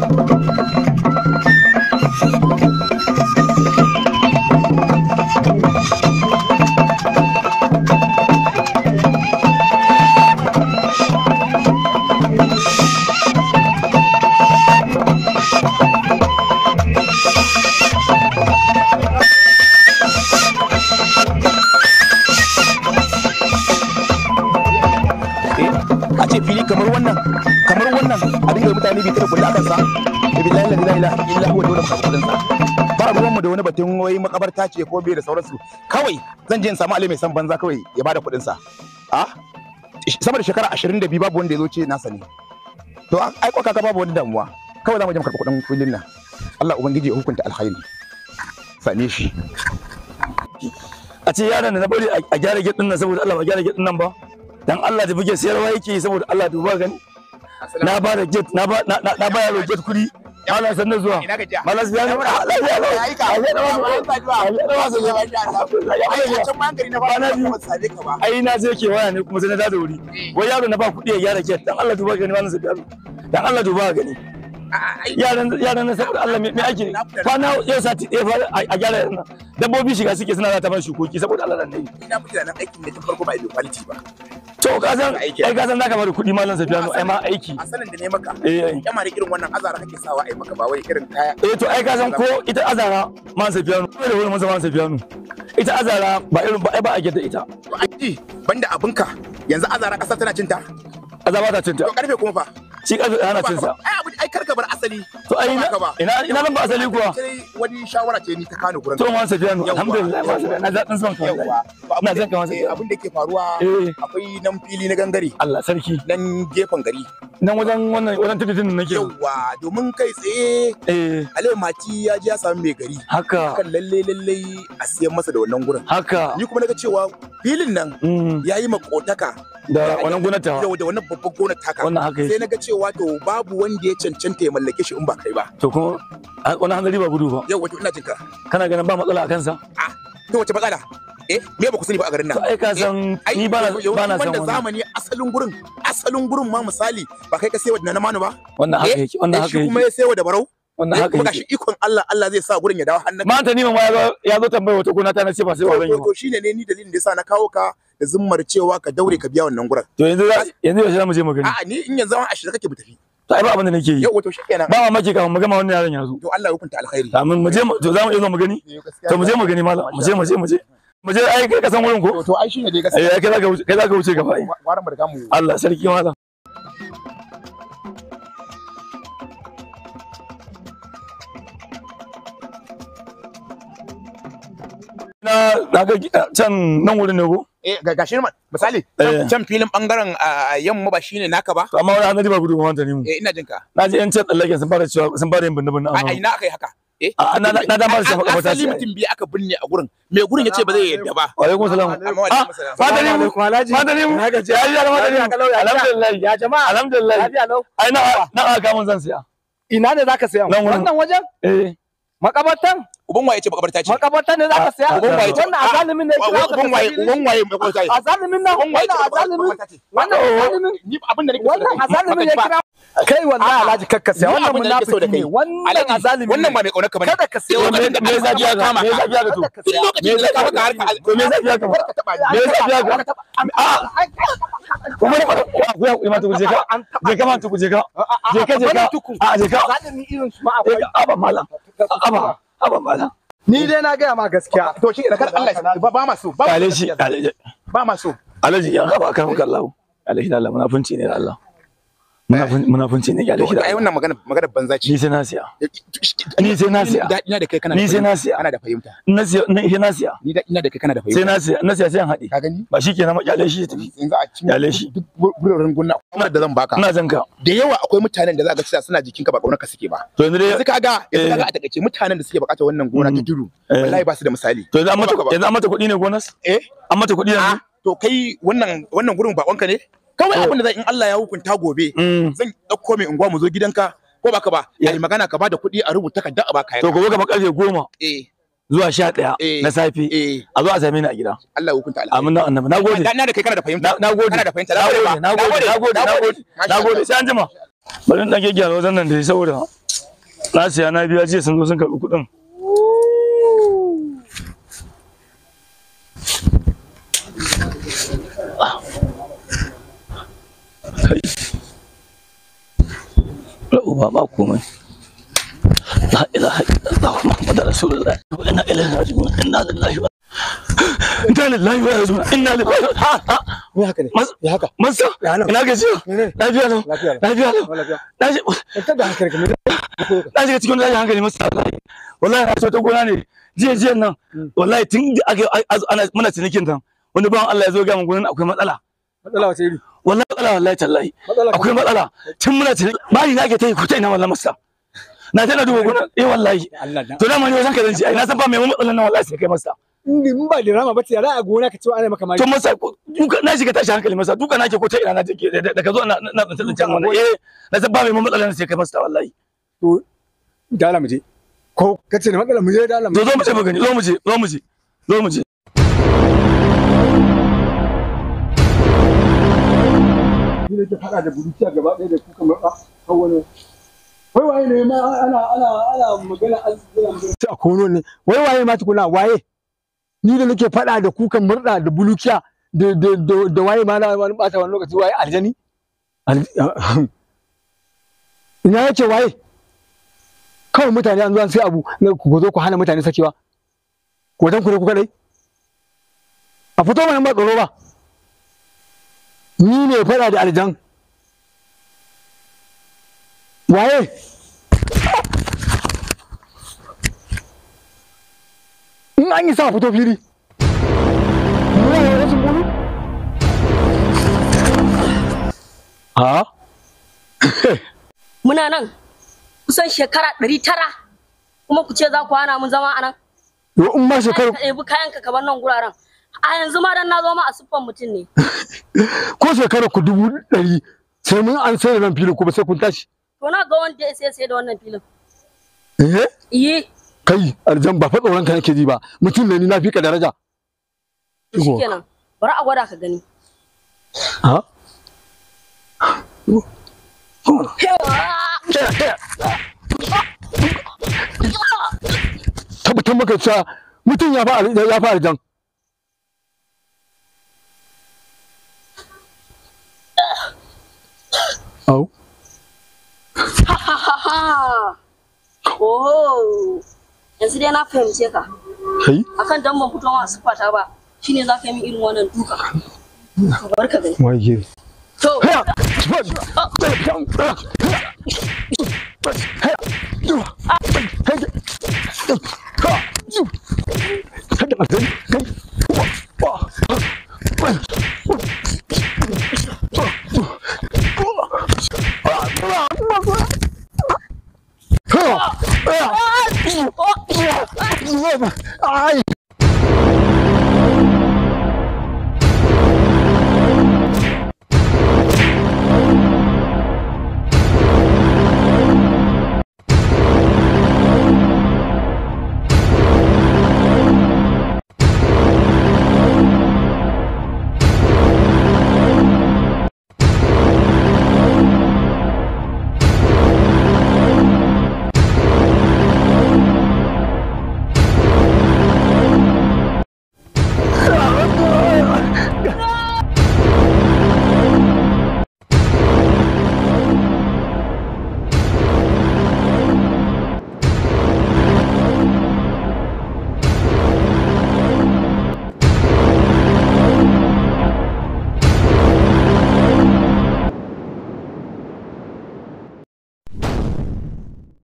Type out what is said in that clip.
thank wani kada kulli akan sa da billahi la ilaha illa huwa dole mu kudin sa ba mu mu da wani batun wai makabarta ce ko bai da sauransu kawai zan je in samu alai san banza kawai ya bada kudin sa a ah? sama da shekara 22 babu wanda ya zo ce na sani to ai kwa kaka babu wani damuwa kawai za mu je mu karɓi kudin kullin nan Allah ubangiji ya hukunta alhairi same shi a ce yaron da na bari a gyara gidin nan saboda Allah ba gyara gidin nan ba dan Allah da buge sayarwa yake saboda Allah duba gani na ba da jet na ba na ba yaro jet kuɗi sanna zuwa ya yi na zai ke waya ne kuma sai na da wuri eh. wai yaro na ba kuɗi ya gyara jet dan Allah duba gani sanna Allah duba gani yaran na saboda Allah me ake kwana yau sati ɗaya fa a gyara yaran nan dabbobi shiga suke suna zata ban shukoki saboda Allah nan ne ina mutu da nan aikin da ta farko ba ido kwaliti ba to ka san ai ka san zaka bada kuɗi malam Safiyanu ai ma aiki a sanin da ne maka eh kyamar eh. irin wannan azara kake sawa ai maka ba wai irin kaya eh to ai ka san ko ita azara malam Safiyanu dole wani masa malam Safiyanu ita azara ba irin ba ba a gyara ita to aji banda abinka yanzu azara kasa tana cinta azaba ta cinta to karfe kuma fa shi karfe ana cinta. ai Kar ka bar asali to ai ina ina nan ba asali kuwa wani shawara ce ni ta kano gurin to ma sabiyan alhamdulillah ma sabiyan na zaɗin son ka ina zan kawo abin da ke faruwa eh. akwai nan fili na gangare Allah sarki nan gefen gari nan wajen wannan wajen tudun nake yawa domin kai tsaye eh Ale Mati ya ji ya samu mai gari haka kan lalle lalle a siyan masa da wannan gurin haka ni kuma naga cewa filin nan mm. yayi makotaka da wannan gonar yau da wannan babban gonar taka wannan haka sai naga cewa to babu wanda ya cancanta ya mallake shi in ba kai ba to kuma wannan hanzari ba gudu ba yau wato ina jinka kana ganin ba matsala a kansa a ah, to wace matsala eh me ba ku sani ba a garin nan ai ka eh, san ni ba ba na san wannan zamani asalin gurin asalin gurin ma misali ba kai ka sai wa na manu ba wannan haka eh, yake wannan eh, haka yake kuma ya sai wa da barau wannan haka yake ikon Allah Allah zai sa gurin ya dawo hannun ma ta nima ma ya zo tambaya wata gona ta na ce ba sai ba zan yi to shine ne ni dalilin da yasa na kawo ka da zummar cewa ka daure ka biya wannan gurin to yanzu yanzu yaushe za mu je mu gani a'a ni in yanzu a shirye kake mu tafi to ai ba abin da nake yi yau to shikenan ba mamaki kafin mu gama wannan yaron yanzu to Allah ya hukunta alkhairi amin mu je to za mu iya mu gani to mu je mu gani malam mu je mu je mu je mu je ai kai ka san wurin ko to ai shine dai eh kai zaka kai zaka wuce gaba ai waran barka mu Allah sarki mallam na ga can nan wurin ne ko eh ga gashi man misali can eh. filin bangaren yamma ba shine naka ba amma wani an ba gudu ma wanta ne mu eh ina jinka na ji yan can tsallaken sun fara cewa sun fara yin binne binne amma ai na akai haka eh ah, na na na ba su shafa kafa ta mutum biyu aka binne a gurin mai gurin yace ba zai yadda ba wa alaikum salam ah, fadari mu fadari mu ya ji alhamdulillah ya jama'a alhamdulillah ai na na aka mun zan siya ina ne zaka siya wannan wajen eh makabartan uban waye ce makabarta ce makabartan ne zaka saya uban waye wannan azalimin ne kira uban waye uban waye makabarta ce azalimin nan wannan azalimin wannan azalimin ni abin da nake wannan azalimin ne kira kai wallahi alhaji kakka saya wannan munafiki ne wannan azalimin wannan ba mai kaunar ka bane kada ka saya wannan me zafi ya kama me zafi ya to me zafi ya kama ko me zafi ya kama me zafi ya kama kuma ne ku ya imatu je ka je ka man tuku je ka je ka je ka a je ka zalimi irin su ma akwai aba malam aba aba malam ni dai na gaya ma gaskiya to shi da kar Allah ba ma so ba ma so ba ma alaji ya ba kan kallahu alaji Allah munafunci ne da Allah munafunci ne gyale shi ai wannan magana magana banza ce ni sai na siya ni sai na siya ina da kai kana ni sai na siya ana da fahimta na siya ni sai na siya ni da ina da kai kana da fahimta sai na siya na siya sai an haɗe ka gani ba shikenan ma gyale shi yanzu a cikin gyale shi duk gunna kuma da zan baka ina zan ka da yawa akwai mutanen da za ka cewa suna jikinka ba kaunar ka suke ba to yanzu dai yanzu kaga yanzu ga a eh. takaice mutanen da suke bukatar wannan gona ta mm. duru eh. wallahi ba su da misali to yanzu an mata yanzu an mata kuɗi ne gonas eh an mata kuɗi yanzu ah, to kai wannan wannan gurin bakonka ne kawai eh. abin da zan in Allah ya hukunta gobe mm. zan dauko mai unguwa mu zo gidanka ko baka ba yayi magana ka bada kuɗi a rubuta ba a baka to gobe gaba makarfe goma eh zuwa 11 ɗaya eh. na safe eh. a zo a same ni a gida. Allah hukunta Allah Amin annabi. Nagode. Na da kai kana da fahimta. Nagode. Kana da fahimta. Nagode. Nagode. Nagode. Nagode. Nagode. Sai an jima. Bari dan ɗan gyara wajen nan da saboda na siya na biya jiya sun zo sun karbi kuɗin. kai uba ba komai la ilaha illallah rasulullah wa inna ilaihi raji'un inna lillahi wa inna lillahi wa inna lillahi ha ha me haka ne me haka mansa ina lafiya lafiya lafiya eh, da hankali cikin hankali masa wallahi na so ta gona ne jiya nan hmm. wallahi tun ana muna cinikin nan wani bawan Allah ya zo ga mun gurin akwai matsala matsala wace iri wallahi matsala wallahi tallahi akwai matsala tun muna tun bayi na ke ta yi kuta ina wallahi masa na tana duba gona eh wallahi to da mani wajen ka zanci ai na san ba mai matsalan nan wallahi sai kai masta in ba da rama ba ta a gona ka ce ana maka mai to masa duka na shiga tashi hankali masa duka nake ko ta ina na take da ka zo na na tsantsan can wannan eh na san ba mai matsalan sai kai masa wallahi to dala mu je ko kace ne matsalan mu je dala mu zo mu je mu gani zo mu je zo mu je zo mu je shi ne ke faɗa da buruciya gaba ɗaya da ku kamar ɗa kawai wai waye ne ma ana ana ana magana arziki a kono ne wai waye ma tukuna waye ni da nake faɗa da kukan murɗa da bulukiya da da da waye ma na wani ɓata wani lokaci waye aljani ina yake waye kawai mutane an zo an sai abu ku zo ku hana mutane sakewa Ko dan ku ne ku kadai a fito mana ba tsoro ba ni ne faɗa da aljan waye in an yi sa fito fili ha muna nan kusan shekara ɗari tara kuma ku ce za ku hana mu zama a nan in ma shekara ka ɗebi kayanka ka bar nan guraren a yanzu ma dan na zo ma a siffan mutum ne ko shekara ku dubu ɗari sai mun an sai ran filin kuma sai kun tashi to na ga wanda ya sai sai da wannan filin eh eh kai aljan ba fa tsoron ka nake ji ba mutum ne ni na fika daraja shikenan bari a gwada ka gani ha tabbatar maka cewa mutum ya fa aljan Oh. Ha ha ha Oh. dai na fahimce ka. Akan dan ban fito ba. Shine za ka yi min irin wannan duka.